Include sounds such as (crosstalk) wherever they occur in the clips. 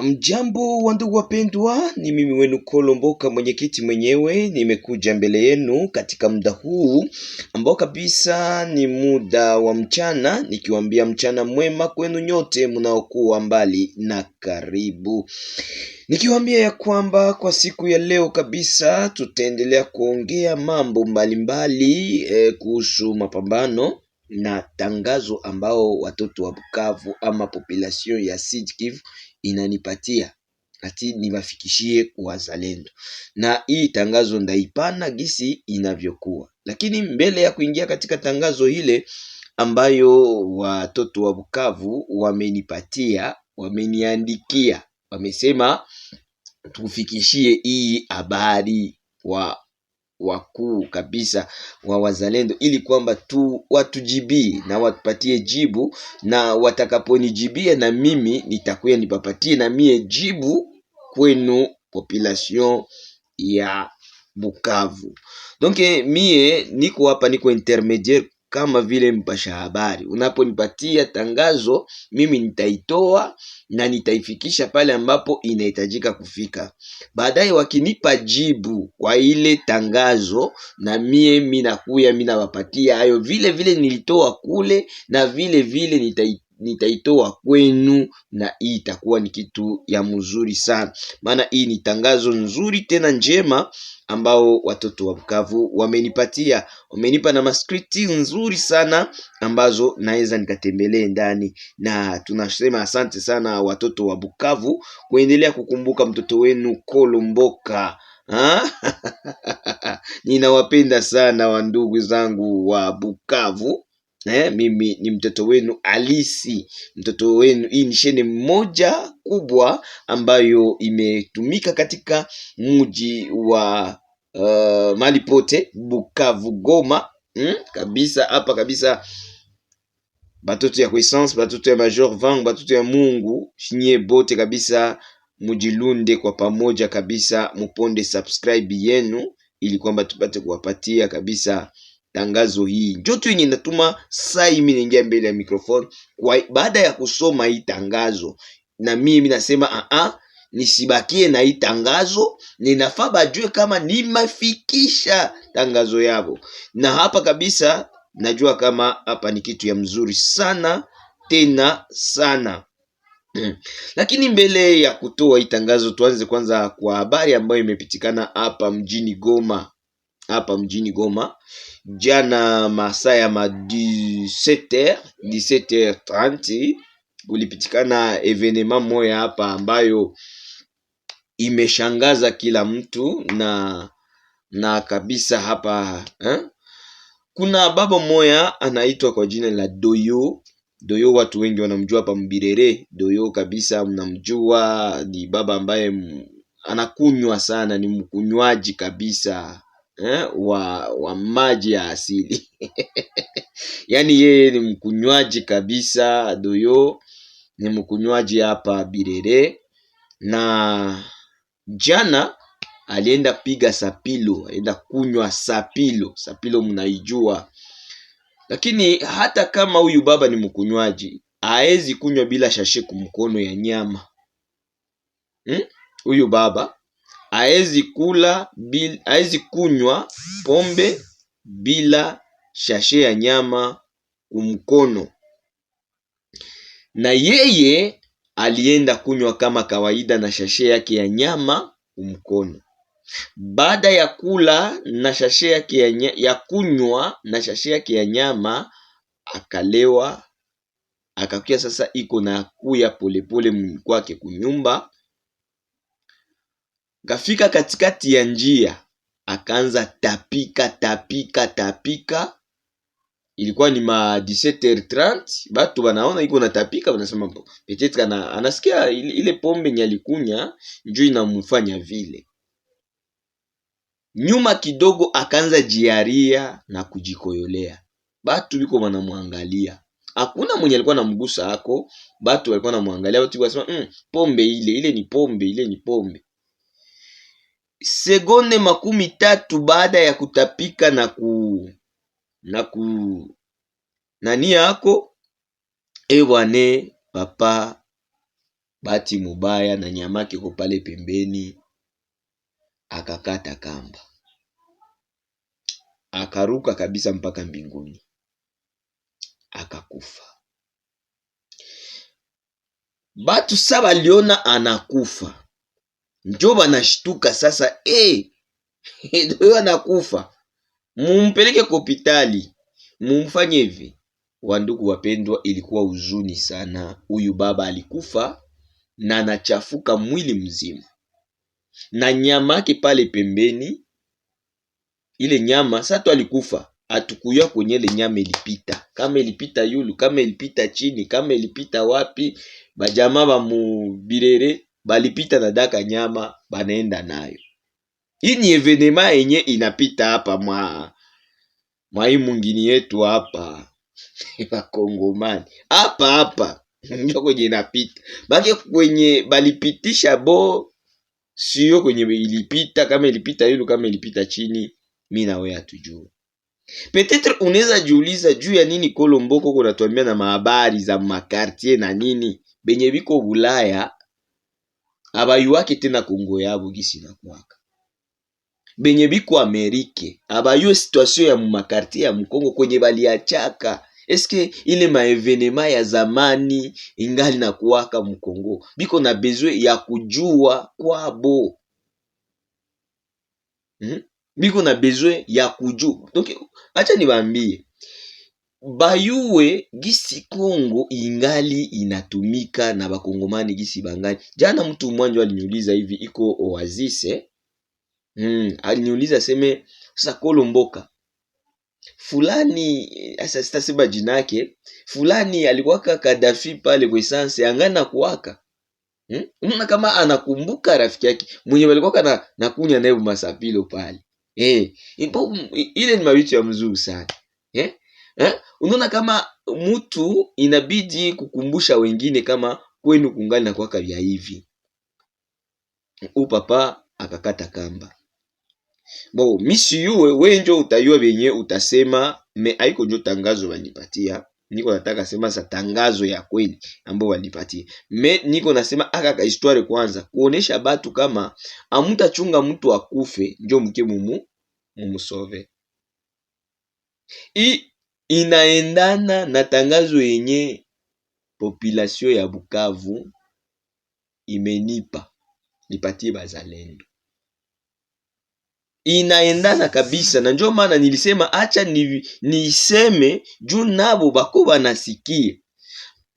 Mjambo wa ndugu wapendwa, ni mimi wenu Kolomboka, mwenyekiti mwenyewe. Nimekuja mbele yenu katika muda huu ambao kabisa ni muda wa mchana, nikiwaambia mchana mwema kwenu nyote mnaokuwa mbali na karibu, nikiwaambia ya kwamba kwa siku ya leo kabisa tutaendelea kuongea mambo mbalimbali mbali, e, kuhusu mapambano na tangazo ambao watoto wa Bukavu ama population ya Sud Kivu inanipatia ati niwafikishie wazalendo, na hii tangazo ndaipana gisi inavyokuwa. Lakini mbele ya kuingia katika tangazo ile ambayo watoto wa Bukavu wamenipatia, wameniandikia, wamesema tufikishie hii habari wa wakuu kabisa wa wazalendo, ili kwamba tu watujibii na watupatie jibu, na watakaponijibia na mimi nitakuya nipapatie na mie jibu kwenu population ya Bukavu. Donc mie niko hapa, niko intermediaire kama vile mpasha habari. Unaponipatia tangazo, mimi nitaitoa na nitaifikisha pale ambapo inahitajika kufika. Baadaye wakinipa jibu kwa ile tangazo, na mie minakuya minawapatia hayo vile vile nilitoa kule, na vile vile nitaitoa nitaitoa kwenu na hii itakuwa ni kitu ya mzuri sana, maana hii ni tangazo nzuri tena njema ambao watoto wa Bukavu wamenipatia, wamenipa na maskriti nzuri sana ambazo naweza nikatembelee ndani, na tunasema asante sana watoto wa Bukavu kuendelea kukumbuka mtoto wenu Kolomboka. (laughs) Ninawapenda sana wandugu zangu wa Bukavu eh, mimi ni mtoto wenu halisi, mtoto wenu. Hii ni sheni moja kubwa ambayo imetumika katika mji wa uh, eh, mali pote Bukavu, Goma hmm? kabisa hapa kabisa batoto ya kuisance, batoto ya major vang, batoto ya Mungu shinye bote kabisa, mujilunde kwa pamoja kabisa, muponde subscribe yenu ili kwamba tupate kuwapatia kabisa tangazo hii. Njo tu yenye natuma saa hii mimi mbele ya mikrofoni kwa baada ya kusoma hii tangazo, na mimi nasema a ah, a ah, nisibakie na hii tangazo, ninafaa bajue kama nimefikisha tangazo yavo Na hapa kabisa najua kama hapa ni kitu ya mzuri sana tena sana. Hmm. Lakini mbele ya kutoa hii tangazo tuanze kwanza kwa habari ambayo imepitikana hapa mjini Goma hapa mjini Goma jana masaa ya ma 17h 17h30 kulipitikana evenema moya hapa ambayo imeshangaza kila mtu na na kabisa hapa eh? Kuna baba moya anaitwa kwa jina la Doyo Doyo, watu wengi wanamjua hapa Mbirere. Doyo kabisa mnamjua, ni baba ambaye anakunywa sana, ni mkunywaji kabisa eh, wa, wa maji ya asili (laughs) yaani yeye ni mkunywaji kabisa doyo ni mkunywaji hapa Birere na jana alienda piga sapilo, alienda kunywa sapilo. Sapilo mnaijua, lakini hata kama huyu baba ni mkunywaji, haezi kunywa bila shashe kumkono ya nyama hmm? huyu hmm? baba haezi kunywa pombe bila shashe ya nyama kumkono, na yeye alienda kunywa kama kawaida na shashe yake ya nyama kumkono. Baada ya kula na shashe yake ya, ya kunywa na shashe yake ya nyama akalewa, akakia sasa iko na kuya polepole mwini kwake kunyumba Ngafika katikati ya njia, akaanza tapika tapika tapika. Ilikuwa ni ma 17:30, h 30 batu banaona iko natapika, banasema petetre ana, anasikia ile pombe nyalikunya njoo inamfanya vile. Nyuma kidogo akaanza jiaria na kujikoyolea, batu biko banamwangalia hakuna mwenye alikuwa na mgusa hako, batu walikuwa namwangalia, batu wasema mm, pombe ile ile ni pombe ile ni pombe sekunde makumi tatu baada ya kutapika na ku na ku nani yako ewane papa bati mubaya na nyamaki ko pale pembeni akakata kamba akaruka kabisa mpaka mbinguni akakufa. Batu saba liona anakufa njo banashtuka sasa, eh hey, (laughs) doyo anakufa, mumpeleke kopitali, mumfanye hivi. Wandugu wapendwa, ilikuwa huzuni sana. Huyu baba alikufa na anachafuka mwili mzima, na nyama yake pale pembeni, ile nyama sato alikufa atukuya kwenye ile nyama ilipita, kama ilipita yulu, kama ilipita chini, kama ilipita wapi, bajama bamubirere mubirere balipita na daka nyama banaenda nayo. Hii ni evenema yenye inapita hapa mwa mwai mungini yetu hapa (laughs) Wakongomani hapa hapa (laughs) ndio kwenye inapita bake kwenye balipitisha bo, sio kwenye ilipita. Kama ilipita yulu, kama ilipita chini, mi nawe hatujua. Petetre unaweza jiuliza juu ya nini Kolomboko kunatuambia na mahabari za makartie na nini benye biko Bulaya abayuwake tena Kongo yabo gisi na kwaka benye biko Amerike abayue situation ya mumakartier ya Mukongo kwenye baliachaka eske ile maevenema ya zamani ingali na kuwaka Mukongo, biko na bezwe ya kujua kwabo hmm? biko na bezwe ya kujua donc, acha niwaambie bayue gisi Kongo ingali inatumika na bakongomani gisi bangani Jana mtu mwanjo aliniuliza hivi iko Oasise eh? hmm. aliniuliza seme sakolo Mboka fulani eh, asa sitasema jina yake, fulani alikuwaka Kadafi pale kwesanse angana kuwaka hmm? mna kama anakumbuka rafiki yake mwenye walikuwaka na nakunya naye masapilo pale eh, ile ni mabitu ya mzuri sana eh? eh? Unaona kama mtu inabidi kukumbusha wengine kama kwenu kungali na kwaka vya hivi. U papa akakata kamba bo misi yue wenjo utayua venye utasema me aiko njo tangazo wanipatia niko nataka sema sa tangazo ya kweli ambao walipatia. me niko nasema aka ka histoire kwanza kuonesha batu kama amutachunga mtu akufe njo mke mumu mumusove i inaendana na tangazo yenye population ya Bukavu imenipa nipatie Bazalendo, inaendana kabisa, na ndio maana nilisema acha ni, niiseme juu nabo bako banasikia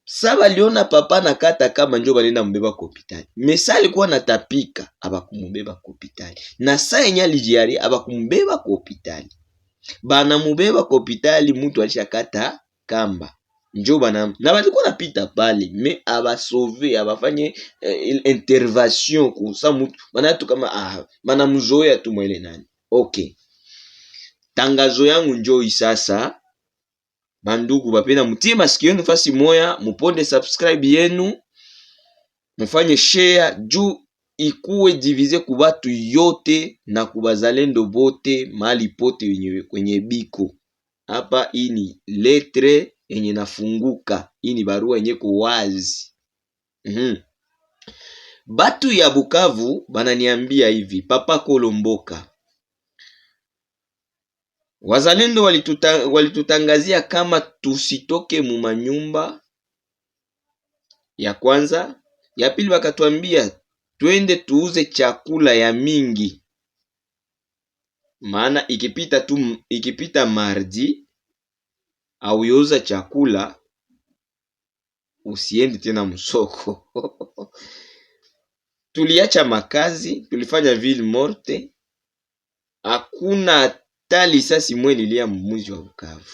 sa baliona papa na kata kama njo balenda mubeba ku hopitali mesa alikuwa natapika abakumubeba ku hopitali na sa yenye alijiari abakumubeba ku hopitali bana mubeba kwa hopitali, mutu alishakata kamba njo bana na balikuwa napita pale me abasove abafanye eh, intervention kusa mutu banatu kama ah, banamzoea tu mwele nani. Okay, tangazo yangu njoi sasa, bandugu bapenda, mutie masikio yenu fasi moya, muponde subscribe yenu, mufanye share juu ikuwe divize ku batu yote na kubazalendo bote mali pote kwenye biko hapa. Hii ni letre yenye nafunguka, hii ni barua yenye kuwazi mm-hmm. Batu ya Bukavu bananiambia hivi, Papa Kolomboka, wazalendo walituta, walitutangazia kama tusitoke mumanyumba ya kwanza, ya pili bakatuambia twende tuuze chakula ya mingi, maana ikipita tu, ikipita mardi auyoza chakula usiende tena msoko. (laughs) Tuliacha makazi, tulifanya ville morte, hakuna hata lisasi mwe lilia mumuji wa Bukavu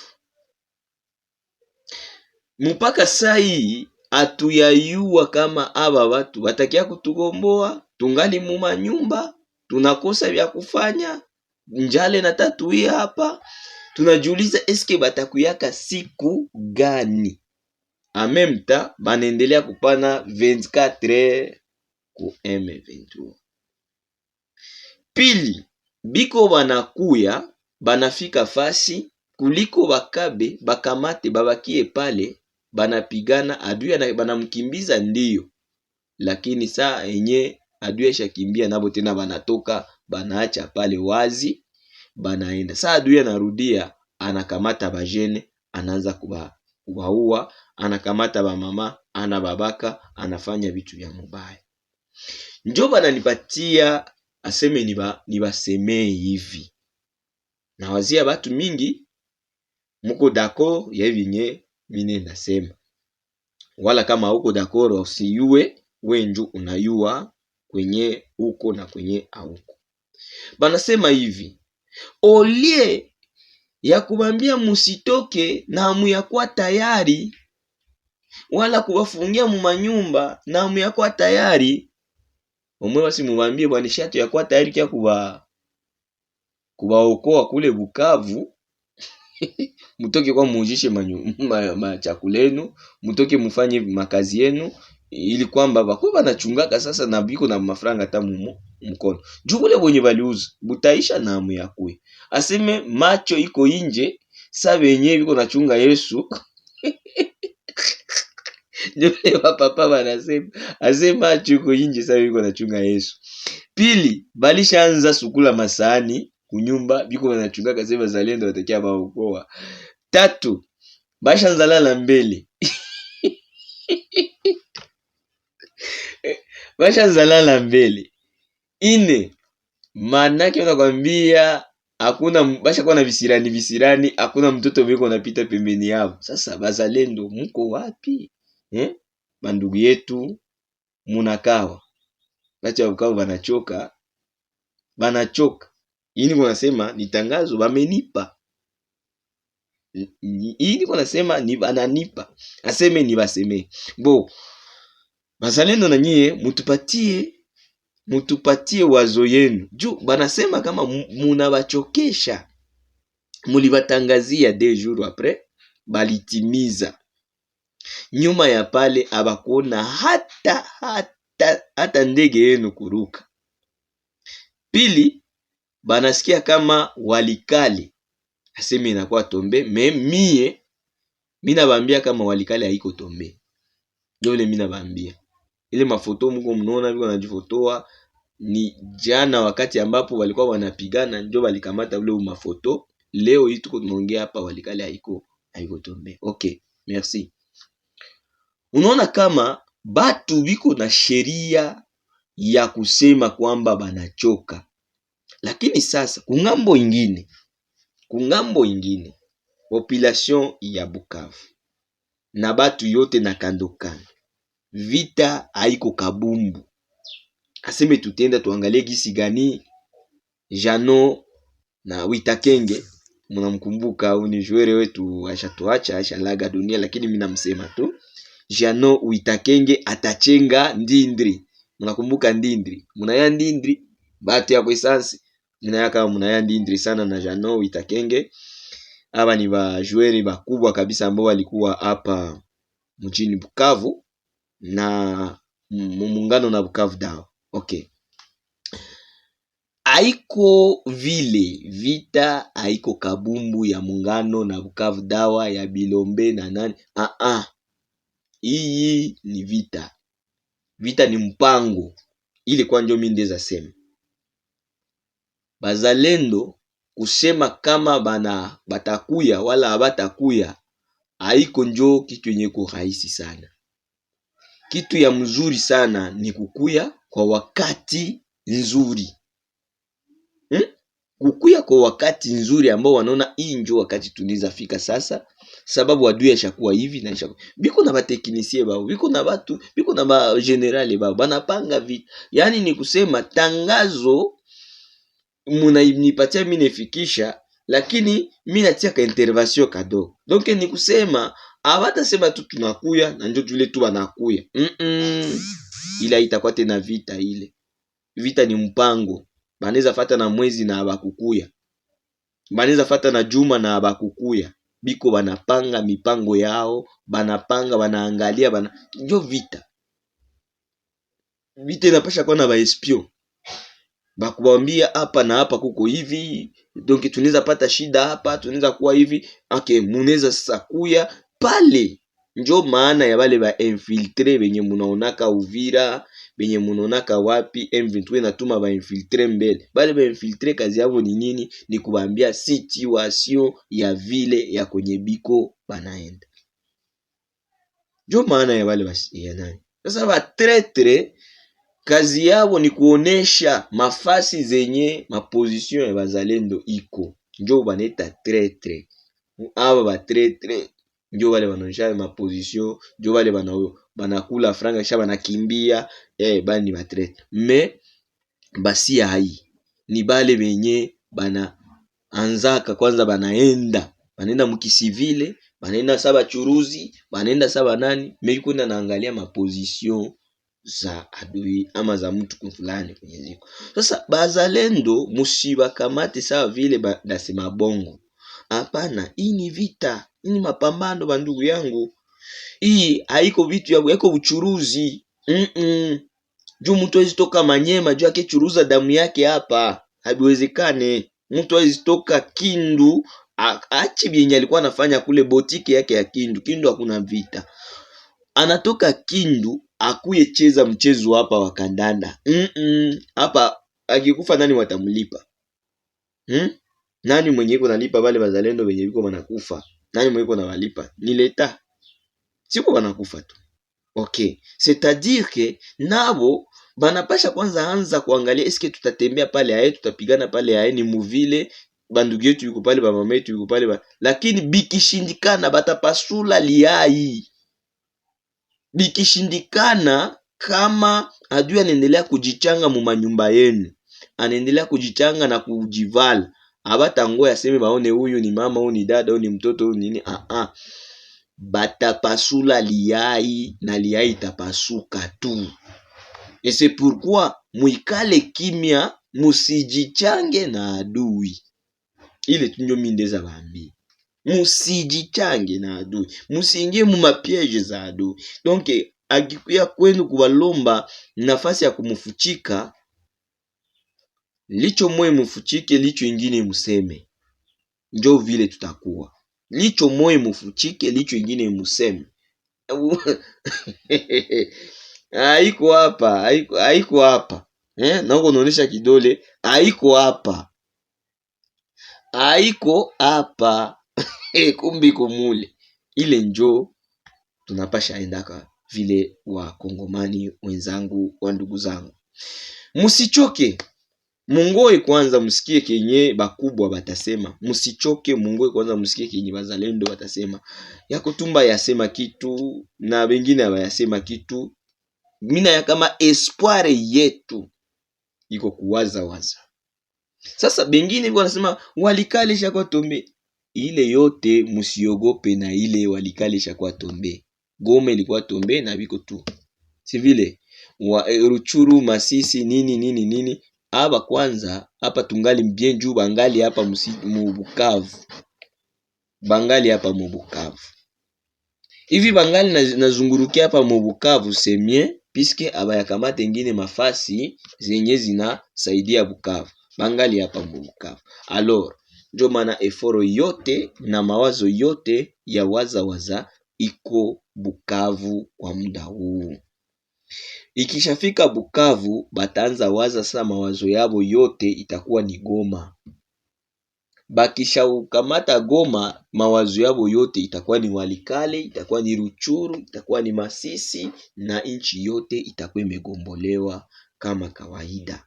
mupaka saa hii hatuyayua kama aba watu watakia kutugomboa, tungali muma nyumba, tunakosa vya kufanya, njale na tatuia hapa. Tunajiuliza eske batakuyaka siku gani? Amemta banaendelea kupana 24 ku M23. Pili, biko banakuya banafika fasi kuliko bakabe bakamate babakie pale banapigana adui banamkimbiza ndiyo, lakini saa yenye adui ashakimbia nabo tena banatoka banaacha pale wazi, banaenda saa adui anarudia, anakamata bajene, anaanza kuba kuwaua, anakamata bamama, anababaka, anafanya vitu vya mubaya. Njo bananipatia aseme niba, nibasemee hivi, nawazia batu mingi muko dako ya vinye mine nasema wala kama hauko dakoro usiyue we nju unayua kwenye uko na kwenye auko. Banasema hivi olie ya kubambia musitoke na amuyakwa tayari, wala kubafungia mumanyumba na amuyakwa tayari omwe, basi mubambie bwana ya yakwa tayari kya kuba kubaokoa kule Bukavu (laughs) mutoke kwa muuzishe machakula (laughs) yenu, mutoke mufanye makazi yenu, ili kwamba bakuwe banachungaka sasa na biko na mafranga hata mumo mkono juu bule bwenye baliuza butaisha namu ya kwe aseme macho iko inje sa benye biko nachunga Yesu (laughs) ndio papa banasema aseme macho iko inje sa biko nachunga Yesu. Pili, balishaanza sukula masani kunyumba biko banachungaka sasa bazalendo batakia baokoa. Tatu, basha nzalala mbele (laughs) basha nzalala mbele. Ine, manake unakwambia akuna basha na visirani visirani, akuna mtoto biko pita pembeni yao. Sasa bazalendo muko wapi eh? Bandugu yetu munakawa bacha ukawa banachoka banachoka hii niko nasema ni tangazo bamenipa. Hii niko nasema ni bananipa. Aseme ni baseme. Bo. Bazalendo na nyie mutupatie mutupatie wazo yenu. Juu banasema kama munabachokesha. Mulibatangazia de jours après balitimiza. Nyuma ya pale abakuona hata hata hata ndege yenu kuruka. Pili banasikia kama walikali aseme inakuwa tombe me mie nabambia kama walikali haiko tombe, ndio ile nabambia ile mafoto mko mnaona viko najifotoa ni jana, wakati ambapo walikuwa wanapigana ndio walikamata ule mafoto. Leo hii tuko tunaongea hapa, walikali haiko haiko tombe. Okay, merci. Unaona kama batu biko na sheria ya kusema kwamba banachoka lakini sasa kung'ambo ingine, kung'ambo ingine population ya Bukavu na batu yote na kandokan vita haiko kabumbu. Aseme tutenda tuangalie gisi gani Jano na Witakenge, mnamkumbuka ni jwere wetu, ashatuacha ashalaga dunia, lakini mimi namsema tu Jano Witakenge atachenga Ndindri. Mnakumbuka Ndindri, munaya Ndindri batu ya kwesansi Nayaka Munayandi sana na Jano Itakenge. Haba ni bajueri bakubwa kabisa ambao walikuwa hapa mjini Bukavu na muungano na Bukavu dao. Okay. Haiko vile vita, haiko kabumbu ya muungano na Bukavu Dawa ya Bilombe na nani. Ah ah. Hii ni vita. Vita ni mpango. Ile kwa ndio mimi ndeza sema bazalendo kusema kama bana batakuya wala abatakuya haiko njo kitu yenye ko rahisi sana. Kitu ya mzuri sana ni kukuya kwa wakati nzuri hmm? Kukuya kwa wakati nzuri ambao wanaona hii njo wakati tuniza fika sasa, sababu adui ashakuwa hivi na ishakuwa biko na bateknisie bao biko na batu biko na bagenerale bao banapanga vita, yani ni kusema tangazo munanipatia mimi nifikisha, lakini mimi natia ka intervention kado Donc ni kusema abatasema tu tunakuya na ndio tule tu wanakuya mm -mm. Ila itakuwa tena vita. Ile vita ni mpango, baneza fata na mwezi na abakukuya, baneza fata na juma na abakukuya biko banapanga mipango yao, banapanga banaangalia bana, njo vita. Vita inapasha kuwa na baespio bakuambia hapa na hapa kuko hivi donc tunaweza pata shida hapa, tunaweza kuwa hivi okay, muneza sasa kuya pale. Njo maana ya bale ba infiltre benye munaonaka Uvira, benye munaonaka wapi, M23 natuma ba infiltre mbele. Bale ba infiltre kazi yao ni nini? Ni kubambia situation ya vile ya kwenye biko banaenda. Njo maana ya bale ba sasa ba tretre kazi yabo ni kuonesha mafasi zenye maposition ya bazalendo iko, njo banaita tretre. Aba batretre njo bale banaonyesha maposition, njo bale banakula franga kisha banakimbia eh, bale ni batretre. Me basi hai ni bale benye banaanzaka kwanza, banaenda banaenda mukisivile, banaenda sa bachuruzi, banaenda sa banani, meikwenda iko naangalia maposition za adui ama za mtu fulani kwenye ziko. Sasa bazalendo musibakamate sawa vile ba, nasema bongo hapana. Hii ni vita, hii ni mapambano bandugu yangu, hii haiko vitu yangu, haiko uchuruzi mm -mm. Juu mtu hawezi toka Manyema juu akichuruza damu yake hapa, habiwezekane. Mtu hawezi toka Kindu achi byenye alikuwa anafanya kule botiki yake ya Kindu. Kindu hakuna vita, anatoka Kindu akuye cheza mchezo hapa wa kandanda hapa mm -mm. Akikufa nani watamlipa hmm? Nani mwenye iko nalipa wale wazalendo wenye biko wanakufa? Nani mwenye iko nawalipa? Ni leta, siko wanakufa tu. Okay, c'est-à-dire que nabo banapasha kwanza anza kuangalia eske tutatembea pale aye, tutapigana pale aye, ni muvile bandugu yetu yuko pale, ba mama yetu yuko pale ba... lakini bikishindikana batapasula liai Likishindikana kama adui anaendelea kujichanga mumanyumba yenu, anaendelea kujichanga na kujivala, abatangoya aseme baone huyu ni mama, huyu ni dada, huyu ni mtoto, huyu nini. Aha, ah. batapasula liai na liai itapasuka tu. Et c'est pourquoi mwikale kimya, musijichange na adui. Ile tu ndio mi musijichange na adui musiingie mu mapieje za adui donc akikuya kwenu kuwalomba nafasi ya kumufuchika licho moyo mufuchike licho ingine museme njo vile tutakuwa licho moyo mufuchike licho ingine museme (laughs) haiko hapa haiko hapa eh? huko naonesha kidole haiko hapa haiko hapa eh, kumbi kumule ile njo tunapasha endaka vile kongomani wenzangu wa ndugu zangu, musichoke mungoe kwanza, msikie kenye bakubwa batasema. msichoke mungoe kwanza, msikie kenye bazalendo batasema. Yakotumba yasema kitu na bengine abayasema kitu. Mina ya kama espoir yetu iko kuwaza waza. Sasa bengine wanasema walikalisha kwa tombe ile yote musiogope na ile walikale kwa tombe Goma ilikuwa tombe na biko tu si vile wa eh, Ruchuru, Masisi, nini nini nini, aba kwanza hapa tungali mbien juu bangali hapa mubukavu, bangali hapa mubukavu hivi bangali nazungurukia hapa mubukavu semien piske abayakamate ngine mafasi zenye zinasaidia Bukavu, bangali hapa mubukavu alors ndio maana eforo yote na mawazo yote ya wazawaza iko Bukavu kwa muda huu. Ikishafika Bukavu bataanza waza sasa, mawazo yabo yote itakuwa ni Goma. Bakishaukamata Goma, mawazo yabo yote itakuwa ni Walikale, itakuwa ni Ruchuru, itakuwa ni Masisi na nchi yote itakuwa imegombolewa kama kawaida.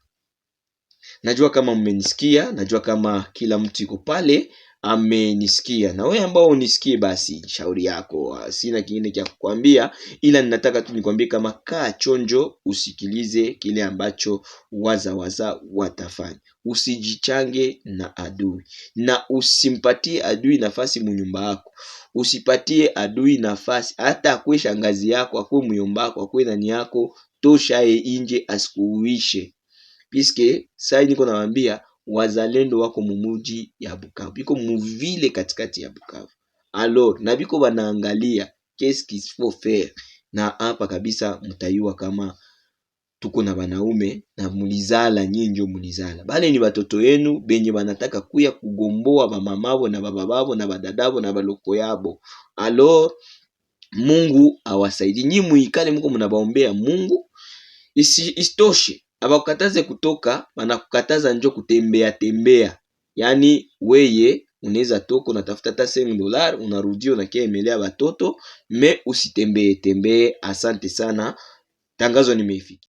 Najua kama mmenisikia, najua kama kila mtu yuko pale amenisikia na wewe ambao unisikie, basi shauri yako. Sina kingine cha kukwambia, ila ninataka tu nikwambie kama kaa chonjo, usikilize kile ambacho wazawaza watafanya. Usijichange na adui na usimpatie adui nafasi munyumba yako, usipatie adui nafasi hata akuwe shangazi yako, akuwe myomba wako, akuwe nani yako, tosha ye nje asikuuishe. Piske sai niko nawambia wazalendo wako mumuji ya Bukavu, biko muvile katikati ya Bukavu alors na biko banaangalia qu'est-ce qu'il faut faire, na hapa kabisa mtayua kama tuko na banaume na mulizala nyinyi, mulizala bale ni batoto yenu benye banataka kuya kugomboa bamamabo na bababavo na badadabo na baloko yabo. Alors Mungu awasaidie nyinyi, muikale mko mnabaombea Mungu. isitoshe abakukataze kutoka, banakukataza njo kutembea tembea, yaani weye unaweza toka unatafuta hata 5 dola unarudia unakia emelea batoto me usitembee tembee. Asante sana, tangazo nimeifiki.